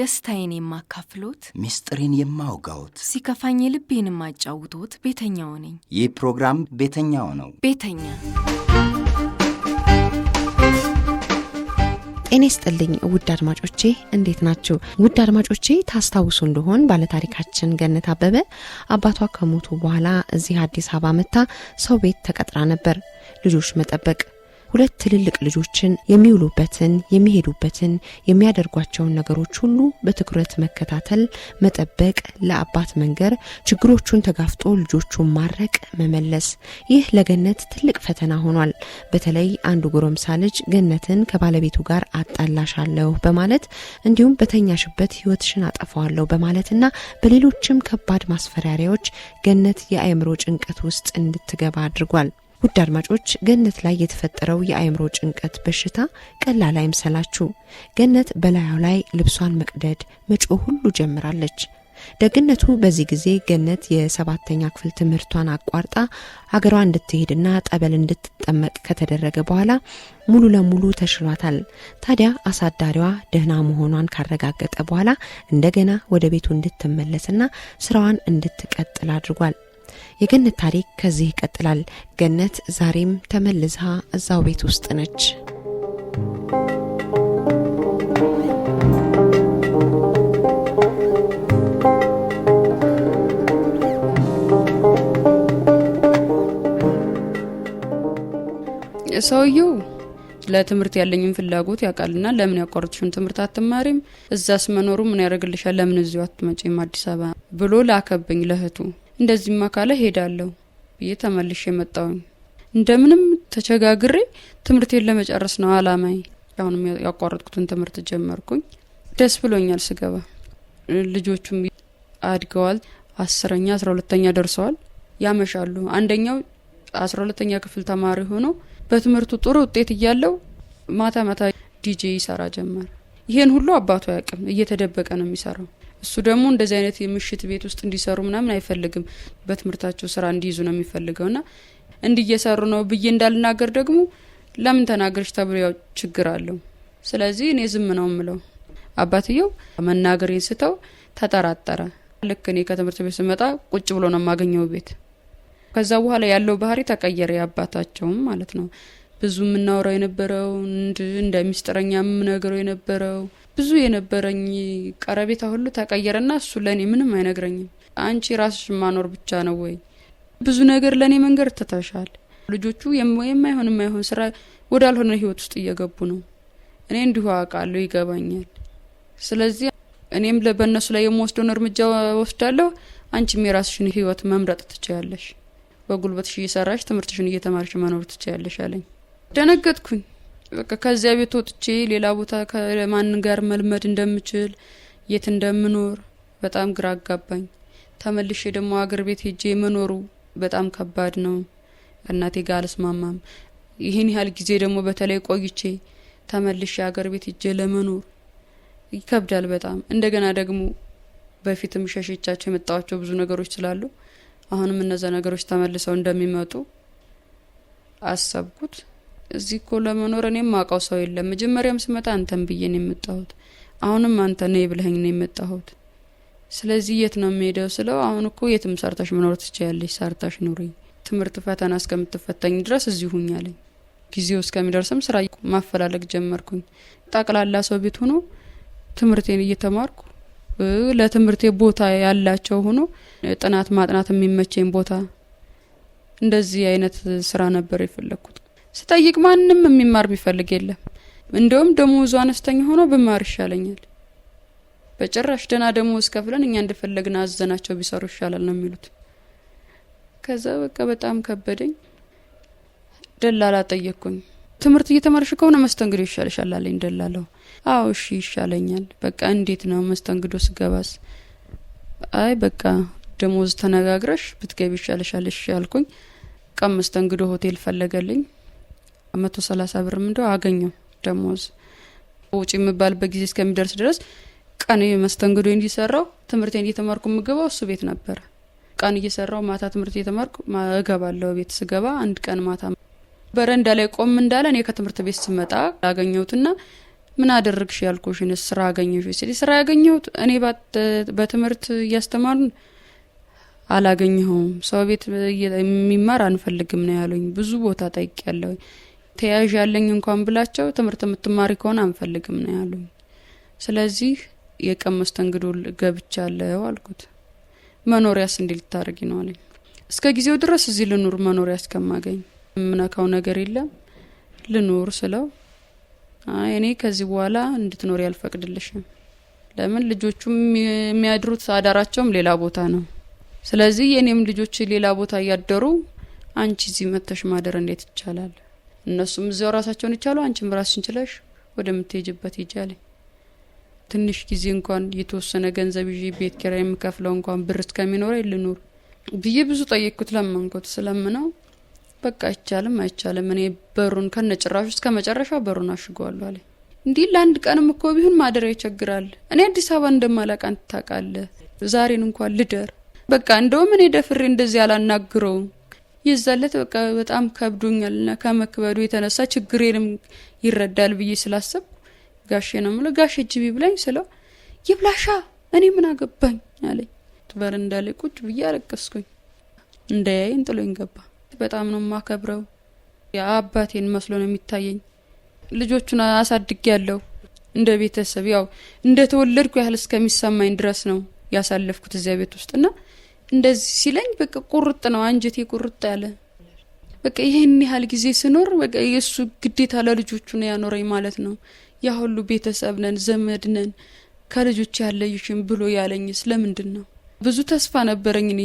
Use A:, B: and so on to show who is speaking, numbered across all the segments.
A: ደስታዬን የማካፍሎት፣
B: ምስጢሬን የማውጋዎት፣
A: ሲከፋኝ ልቤን የማጫውቶት ቤተኛው ነኝ።
B: ይህ ፕሮግራም ቤተኛው ነው።
A: ቤተኛ ጤና ይስጥልኝ ውድ አድማጮቼ፣ እንዴት ናችሁ? ውድ አድማጮቼ ታስታውሱ እንደሆን ባለታሪካችን ገነት አበበ አባቷ ከሞቱ በኋላ እዚህ አዲስ አበባ መታ ሰው ቤት ተቀጥራ ነበር ልጆች መጠበቅ ሁለት ትልልቅ ልጆችን የሚውሉበትን፣ የሚሄዱበትን፣ የሚያደርጓቸውን ነገሮች ሁሉ በትኩረት መከታተል፣ መጠበቅ፣ ለአባት መንገር፣ ችግሮቹን ተጋፍጦ ልጆቹን ማረቅ፣ መመለስ። ይህ ለገነት ትልቅ ፈተና ሆኗል። በተለይ አንዱ ጎረምሳ ልጅ ገነትን ከባለቤቱ ጋር አጣላሻለሁ በማለት እንዲሁም በተኛሽበት ህይወትሽን አጠፋዋለሁ በማለትና በሌሎችም ከባድ ማስፈራሪያዎች ገነት የአእምሮ ጭንቀት ውስጥ እንድትገባ አድርጓል። ውድ አድማጮች ገነት ላይ የተፈጠረው የአእምሮ ጭንቀት በሽታ ቀላል አይምሰላችሁ። ገነት በላዩ ላይ ልብሷን መቅደድ፣ መጮ ሁሉ ጀምራለች። ደግነቱ በዚህ ጊዜ ገነት የሰባተኛ ክፍል ትምህርቷን አቋርጣ ሀገሯ እንድትሄድና ጠበል እንድትጠመቅ ከተደረገ በኋላ ሙሉ ለሙሉ ተሽሏታል። ታዲያ አሳዳሪዋ ደህና መሆኗን ካረጋገጠ በኋላ እንደገና ወደ ቤቱ እንድትመለስና ስራዋን እንድትቀጥል አድርጓል። የገነት ታሪክ ከዚህ ይቀጥላል። ገነት ዛሬም ተመልሳ እዛው ቤት ውስጥ ነች።
C: ሰውየው ለትምህርት ያለኝን ፍላጎት ያውቃልና ለምን ያቋረጥሽን ትምህርት አትማሪም? እዛስ መኖሩ ምን ያደርግልሻል? ለምን እዚሁ አትመጪም አዲስ አበባ ብሎ ላከብኝ ለእህቱ እንደዚህም ካለ ሄዳለሁ ብዬ ተመልሽ የመጣውኝ እንደምንም ተቸጋግሬ ትምህርቴን ለመጨረስ ነው አላማዬ። አሁንም ያቋረጥኩትን ትምህርት ጀመርኩኝ። ደስ ብሎኛል ስገባ። ልጆቹም አድገዋል። አስረኛ አስራ ሁለተኛ ደርሰዋል። ያመሻሉ። አንደኛው አስራ ሁለተኛ ክፍል ተማሪ ሆኖ በትምህርቱ ጥሩ ውጤት እያለው ማታ ማታ ዲጄ ይሰራ ጀመር። ይሄን ሁሉ አባቱ አያውቅም። እየተደበቀ ነው የሚሰራው። እሱ ደግሞ እንደዚህ አይነት የምሽት ቤት ውስጥ እንዲሰሩ ምናምን አይፈልግም። በትምህርታቸው ስራ እንዲይዙ ነው የሚፈልገው እንዲህ እየሰሩ ነው ብዬ እንዳልናገር ደግሞ ለምን ተናገርሽ ተብሎ ያው ችግር አለው። ስለዚህ እኔ ዝም ነው ምለው። አባትየው መናገሬን ስተው ተጠራጠረ። ልክ እኔ ከትምህርት ቤት ስመጣ ቁጭ ብሎ ነው የማገኘው ቤት። ከዛ በኋላ ያለው ባህሪ ተቀየረ፣ የአባታቸውም ማለት ነው። ብዙ የምናወራው የነበረው እንደ ሚስጥረኛ የምነግረው የነበረው ብዙ የነበረኝ ቀረቤታ ሁሉ ተቀየረና እሱ ለእኔ ምንም አይነግረኝም። አንቺ ራስሽ ማኖር ብቻ ነው ወይ? ብዙ ነገር ለእኔ መንገድ ትተሻል። ልጆቹ የማይሆን የማይሆን ስራ ወዳልሆነ ህይወት ውስጥ እየገቡ ነው። እኔ እንዲሁ አውቃለሁ፣ ይገባኛል። ስለዚህ እኔም በእነሱ ላይ የምወስደውን እርምጃ ወስዳለሁ። አንቺም የራስሽን ህይወት መምረጥ ትችያለሽ። በጉልበትሽ እየሰራሽ ትምህርትሽን እየተማርሽ መኖር ትችያለሽ አለኝ። ደነገጥኩኝ። ከዚያ ቤት ወጥቼ ሌላ ቦታ ከማን ጋር መልመድ እንደምችል የት እንደምኖር በጣም ግራ አጋባኝ። ተመልሼ ደግሞ አገር ቤት ሄጄ መኖሩ በጣም ከባድ ነው። እናቴ ጋር አልስማማም። ይህን ያህል ጊዜ ደግሞ በተለይ ቆይቼ ተመልሼ አገር ቤት ሄጄ ለመኖር ይከብዳል በጣም። እንደገና ደግሞ በፊትም ሸሽቻቸው የመጣዋቸው ብዙ ነገሮች ስላሉ አሁንም እነዛ ነገሮች ተመልሰው እንደሚመጡ አሰብኩት። እዚህ እኮ ለመኖር እኔም ማውቀው ሰው የለም። መጀመሪያም ስመጣ አንተን ብዬ ነው የመጣሁት። አሁንም አንተ ነይ ብለኸኝ ነው የመጣሁት። ስለዚህ የት ነው የምሄደው ስለው አሁን እኮ የትም ሰርተሽ መኖር ትችያለሽ፣ ሰርተሽ ኑሪኝ። ትምህርት ፈተና እስከምትፈተኝ ድረስ እዚሁ ሁኝ አለኝ። ጊዜው እስከሚደርስም ስራ ማፈላለግ ጀመርኩኝ። ጠቅላላ ሰው ቤት ሆኖ ትምህርቴን እየተማርኩ ለትምህርቴ ቦታ ያላቸው ሆኖ ጥናት ማጥናት የሚመቸኝ ቦታ እንደዚህ አይነት ስራ ነበር የፈለግኩት። ስጠይቅ ማንም የሚማር የሚፈልግ የለም። እንደውም ደሞዙ አነስተኛ ሆኖ ብማር ይሻለኛል፣ በጭራሽ ደህና ደሞዝ ከፍለን እኛ እንደፈለግን አዘናቸው ቢሰሩ ይሻላል ነው የሚሉት። ከዛ በቃ በጣም ከበደኝ። ደላላ ጠየቅኩኝ። ትምህርት እየተማርሽ ከሆነ መስተንግዶ ይሻልሻል አለኝ ደላላው። አዎ እሺ ይሻለኛል። በቃ እንዴት ነው መስተንግዶ ስገባስ? አይ በቃ ደሞዝ ተነጋግረሽ ብትገቢ ይሻልሻል። እሺ አልኩኝ። ቀን መስተንግዶ ሆቴል ፈለገልኝ። መቶ ሰላሳ ብር ምንደ አገኘው ደሞዝ ውጭ የምባልበት ጊዜ እስከሚደርስ ድረስ ቀን መስተንግዶ እንዲሰራው ትምህርቴን እየተማርኩ የምገባው እሱ ቤት ነበረ። ቀን እየሰራው ማታ ትምህርት እየተማርኩ እገባለሁ። ቤት ስገባ አንድ ቀን ማታ በረንዳ ላይ ቆም እንዳለ እኔ ከትምህርት ቤት ስመጣ አገኘሁትና ምን አደረግሽ ያልኩሽን ስራ አገኘሽ ሲል ስራ ያገኘሁት እኔ በትምህርት እያስተማሩን አላገኘኸውም፣ ሰው ቤት የሚማር አንፈልግም ነው ያሉኝ። ብዙ ቦታ ጠይቅ ጠይቄያለሁኝ። ተያያዥ ያለኝ እንኳን ብላቸው ትምህርት የምትማሪ ከሆነ አንፈልግም ነው ያሉ። ስለዚህ የቀን መስተንግዶ ገብቻለሁ አልኩት። መኖሪያስ እንዲ ልታደርጊ ነው አለኝ። እስከ ጊዜው ድረስ እዚህ ልኑር፣ መኖሪያ እስከማገኝ የምነካው ነገር የለም ልኑር ስለው እኔ ከዚህ በኋላ እንድትኖሪ አልፈቅድልሽም። ለምን ልጆቹም የሚያድሩት አዳራቸውም ሌላ ቦታ ነው። ስለዚህ የእኔም ልጆች ሌላ ቦታ እያደሩ አንቺ እዚህ መጥተሽ ማደር እንዴት ይቻላል? እነሱም እዚያው ራሳቸውን ይቻሉ፣ አንቺም ራስሽን ችለሽ ወደምትሄጅበት ይጃለ። ትንሽ ጊዜ እንኳን የተወሰነ ገንዘብ ይዤ ቤት ኪራይ የምከፍለው እንኳን ብር እስከሚኖረኝ ልኑር ብዬ ብዙ ጠየቅኩት፣ ለመንኩት። ስለምነው በቃ አይቻልም፣ አይቻልም እኔ በሩን ከነ ጭራሹ እስከ መጨረሻ በሩን አሽገዋለሁ አለ። እንዲህ ለአንድ ቀንም እኮ ቢሆን ማደሪያ ይቸግራል። እኔ አዲስ አበባ እንደማላቅ አንተ ታውቃለህ። ዛሬን እንኳን ልደር በቃ እንደውም እኔ ደፍሬ እንደዚህ አላናግረውም ይዛለት በቃ በጣም ከብዶኛል ና ከመክበዱ የተነሳ ችግሬንም ይረዳል ብዬ ስላሰብ ጋሼ ነው ምለ ጋሼ እጅ ቢብላኝ ስለው ይብላሻ እኔ ምን አገባኝ አለኝ። ትበር ላይ ቁጭ ብዬ አለቀስኩኝ። እንዳያይን ጥሎኝ ገባ። በጣም ነው ማከብረው። አባቴን መስሎ ነው የሚታየኝ። ልጆቹን አሳድግ ያለው እንደ ቤተሰብ ያው እንደ ተወለድኩ ያህል እስከሚሰማኝ ድረስ ነው ያሳለፍኩት እዚያ ቤት ውስጥ እንደዚህ ሲለኝ በቃ ቁርጥ ነው አንጀቴ ቁርጥ ያለ። በቃ ይህን ያህል ጊዜ ስኖር በቃ የእሱ ግዴታ ለልጆቹ ነው ያኖረኝ ማለት ነው። ያ ሁሉ ቤተሰብ ነን ዘመድ ነን ከልጆች ያለይሽን ብሎ ያለኝስ ለምንድን ነው? ብዙ ተስፋ ነበረኝ እኔ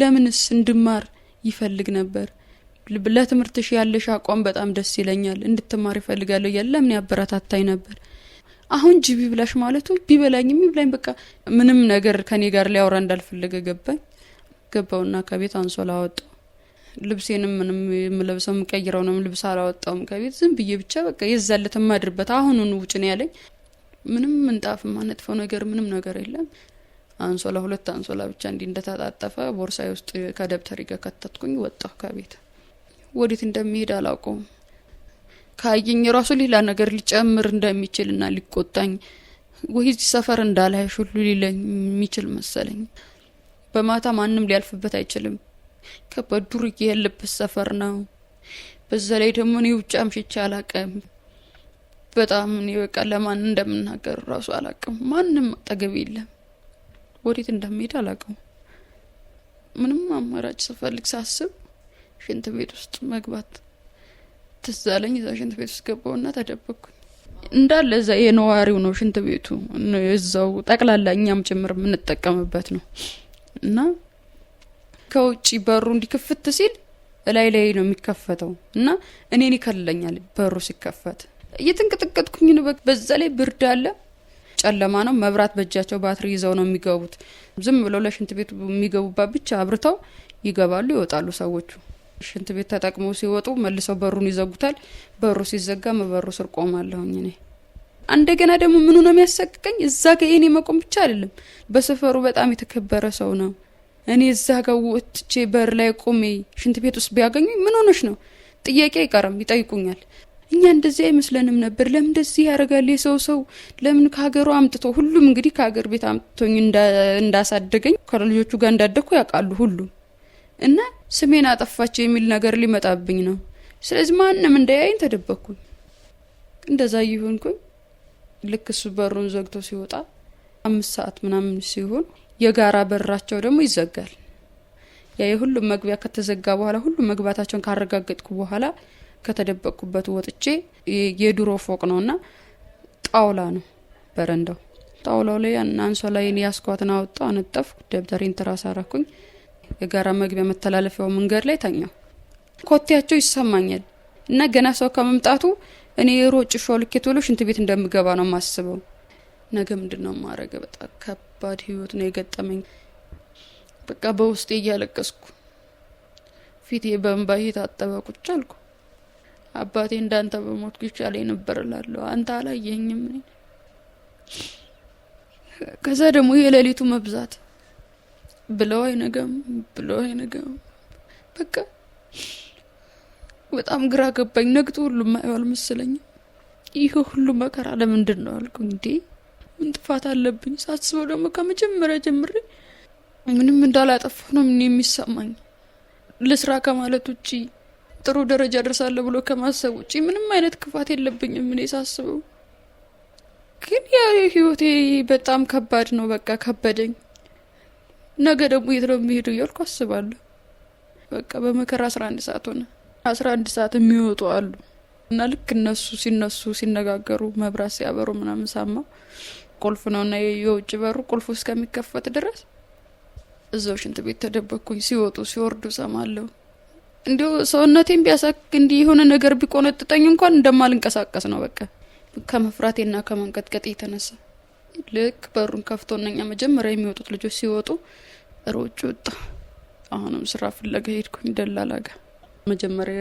C: ለምንስ እንድማር ይፈልግ ነበር። ለትምህርትሽ ያለሽ አቋም በጣም ደስ ይለኛል፣ እንድትማር ይፈልጋለሁ እያለ ለምን ያበረታታኝ ነበር። አሁን ጅቢ ብለሽ ማለቱ ቢበላኝ የሚብላኝ በቃ ምንም ነገር ከኔ ጋር ሊያወራ እንዳልፈለገ ገባኝ። ገባውና ከቤት አንሶላ አወጣው። ልብሴንም ምንም የምለብሰው ነው ልብስ አላወጣውም ከቤት ዝም ብዬ ብቻ በቃ የዛለት የማድርበት አሁኑን ውጭ ነው ያለኝ። ምንም ምንጣፍ ማነጥፈው ነገር ምንም ነገር የለም። አንሶላ ሁለት አንሶላ ብቻ እንዲህ እንደተጣጠፈ ቦርሳዬ ውስጥ ከደብተሪ ጋር ከተትኩኝ፣ ወጣሁ ከቤት ወዴት እንደሚሄድ አላውቀውም። ካየኝ ራሱ ሌላ ነገር ሊጨምር ና ሊቆጣኝ ወይ ሰፈር እንዳላይሽ ሁሉ ሊለኝ የሚችል መሰለኝ። በማታ ማንም ሊያልፍበት አይችልም። ከባድ ዱርዬ ያለበት ሰፈር ነው። በዛ ላይ ደግሞ እኔ ውጭ አምሽቼ አላቅም። በጣም እኔ በቃ ለማን እንደምናገር እራሱ አላቅም። ማንም አጠገብ የለም። ወዴት እንደምሄድ አላቅም። ምንም አማራጭ ስፈልግ ሳስብ ሽንት ቤት ውስጥ መግባት ትዝ አለኝ። እዛ ሽንት ቤት ውስጥ ገባውና ተደበቅኩኝ። እንዳለ እዛ የነዋሪው ነው ሽንት ቤቱ፣ እዛው ጠቅላላ እኛም ጭምር የምንጠቀምበት ነው እና ከውጭ በሩ እንዲክፍት ሲል እላይ ላይ ነው የሚከፈተው እና እኔን ይከልለኛል በሩ ሲከፈት እየተንቀጠቀጥኩኝ ነው። በዛ ላይ ብርድ አለ፣ ጨለማ ነው። መብራት በእጃቸው ባትሪ ይዘው ነው የሚገቡት። ዝም ብለው ለሽንት ቤቱ የሚገቡባት ብቻ አብርተው ይገባሉ፣ ይወጣሉ ሰዎቹ። ሽንት ቤት ተጠቅመው ሲወጡ መልሰው በሩን ይዘጉታል። በሩ ሲዘጋ መበሩ ስር ቆማለሁኝ እኔ። እንደገና ደግሞ ምኑ ነው የሚያሰቅቀኝ እዛ ጋ እኔ መቆም ብቻ አይደለም፣ በሰፈሩ በጣም የተከበረ ሰው ነው። እኔ እዛ ጋ ወጥቼ በር ላይ ቆሜ ሽንት ቤት ውስጥ ቢያገኙኝ ምን ነው ጥያቄ አይቀርም፣ ይጠይቁኛል። እኛ እንደዚህ አይመስለንም ነበር። ለምን እንደዚህ ያደርጋል የሰው ሰው? ለምን ከሀገሩ አምጥቶ ሁሉም እንግዲህ ከሀገር ቤት አምጥቶኝ እንዳሳደገኝ ከልጆቹ ጋር እንዳደግኩ ያውቃሉ ሁሉም እና ስሜን አጠፋቸው የሚል ነገር ሊመጣብኝ ነው። ስለዚህ ማንም እንዳያይኝ ተደበኩኝ። እንደዛ ይሁንኩኝ። ልክ እሱ በሩን ዘግቶ ሲወጣ አምስት ሰዓት ምናምን ሲሆን የጋራ በራቸው ደግሞ ይዘጋል። ያ የሁሉም መግቢያ ከተዘጋ በኋላ ሁሉም መግባታቸውን ካረጋገጥኩ በኋላ ከተደበቅኩበት ወጥቼ የድሮ ፎቅ ነውና ጣውላ ነው በረንዳው። ጣውላው ላይ ላይ ያስኳትን አወጣ አነጠፍኩ። ደብተሬን ትራስ አረኩኝ። የጋራ መግቢያ መተላለፊያው መንገድ ላይ ተኛው። ኮቴያቸው ይሰማኛል እና ገና ሰው ከመምጣቱ እኔ ሮጭ ሾ ልኬት ብሎ ሽንት ቤት እንደምገባ ነው የማስበው። ነገ ምንድን ነው ማረገ? በጣም ከባድ ህይወት ነው የገጠመኝ። በቃ በውስጤ እያለቀስኩ ፊቴ በእንባ የታጠበ ቁጭ አልኩ። አባቴ እንዳንተ በሞትኩ ይቻለኝ ነበር እላለሁ። አንተ አላየኝም። ከዛ ደግሞ የሌሊቱ መብዛት ብለው አይነገም ብሎ አይነጋም። በቃ በጣም ግራ ገባኝ። ነግቶ ሁሉም አየው አልመሰለኝም። ይህ ሁሉ መከራ ለምንድን ነው አልኩ። እንዴ ምን ጥፋት አለብኝ? ሳስበው ደግሞ ከመጀመሪያ ጀምሬ ምንም እንዳላጠፋሁ ነው ምን የሚሰማኝ። ልስራ ከማለት ውጪ ጥሩ ደረጃ ደርሳለሁ ብሎ ከማሰብ ውጪ ምንም አይነት ክፋት የለብኝም እኔ ሳስበው። ግን ያ ህይወቴ በጣም ከባድ ነው። በቃ ከበደኝ። ነገ ደግሞ የት ነው የሚሄዱ እያልኩ አስባለሁ። በቃ በመከራ አስራ አንድ ሰዓት ሆነ። አስራ አንድ ሰዓት የሚወጡ አሉ እና ልክ እነሱ ሲነሱ ሲነጋገሩ መብራት ሲያበሩ ምናምን ሳማ ቁልፍ ነው እና የውጭ በሩ ቁልፉ እስከሚከፈት ድረስ እዛው ሽንት ቤት ተደበኩኝ ሲወጡ ሲወርዱ ሰማለሁ። እንዲሁ ሰውነቴን ቢያሳክ እንዲ የሆነ ነገር ቢቆነጥጠኝ እንኳን እንደማልንቀሳቀስ ነው በቃ ከመፍራቴና ከመንቀጥቀጤ የተነሳ ልክ በሩን ከፍቶ እነኛ መጀመሪያ የሚወጡት ልጆች ሲወጡ ሮጭ ወጣ። አሁንም ስራ ፍለጋ ሄድኩኝ ደላላ ጋ። መጀመሪያ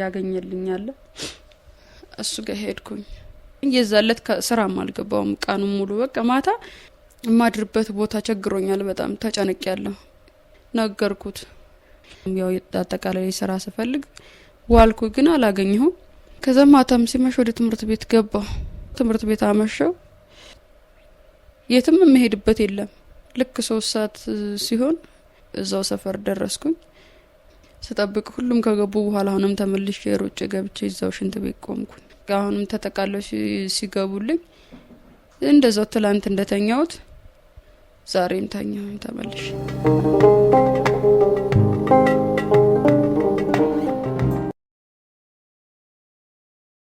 C: ያገኘልኛለ እሱ ጋ ሄድኩኝ። እየዛለት ስራም አልገባውም ቀኑን ሙሉ በቃ ማታ የማድርበት ቦታ ቸግሮኛል። በጣም ተጨነቅ ያለሁ ነገርኩት። ያው አጠቃላይ ስራ ስፈልግ ዋልኩ፣ ግን አላገኘሁም። ከዛ ማታም ሲመሽ ወደ ትምህርት ቤት ገባሁ። ትምህርት ቤት አመሸው። የትም የምሄድበት የለም ልክ ሶስት ሰዓት ሲሆን እዛው ሰፈር ደረስኩኝ። ስጠብቅ ሁሉም ከገቡ በኋላ አሁንም ተመልሽ የሩጭ ገብቼ እዛው ሽንት ቤት ቆምኩኝ። አሁንም ተጠቃለው ሲገቡልኝ እንደዛው ትላንት እንደተኛውት ዛሬም ተኛሁኝ ተመልሼ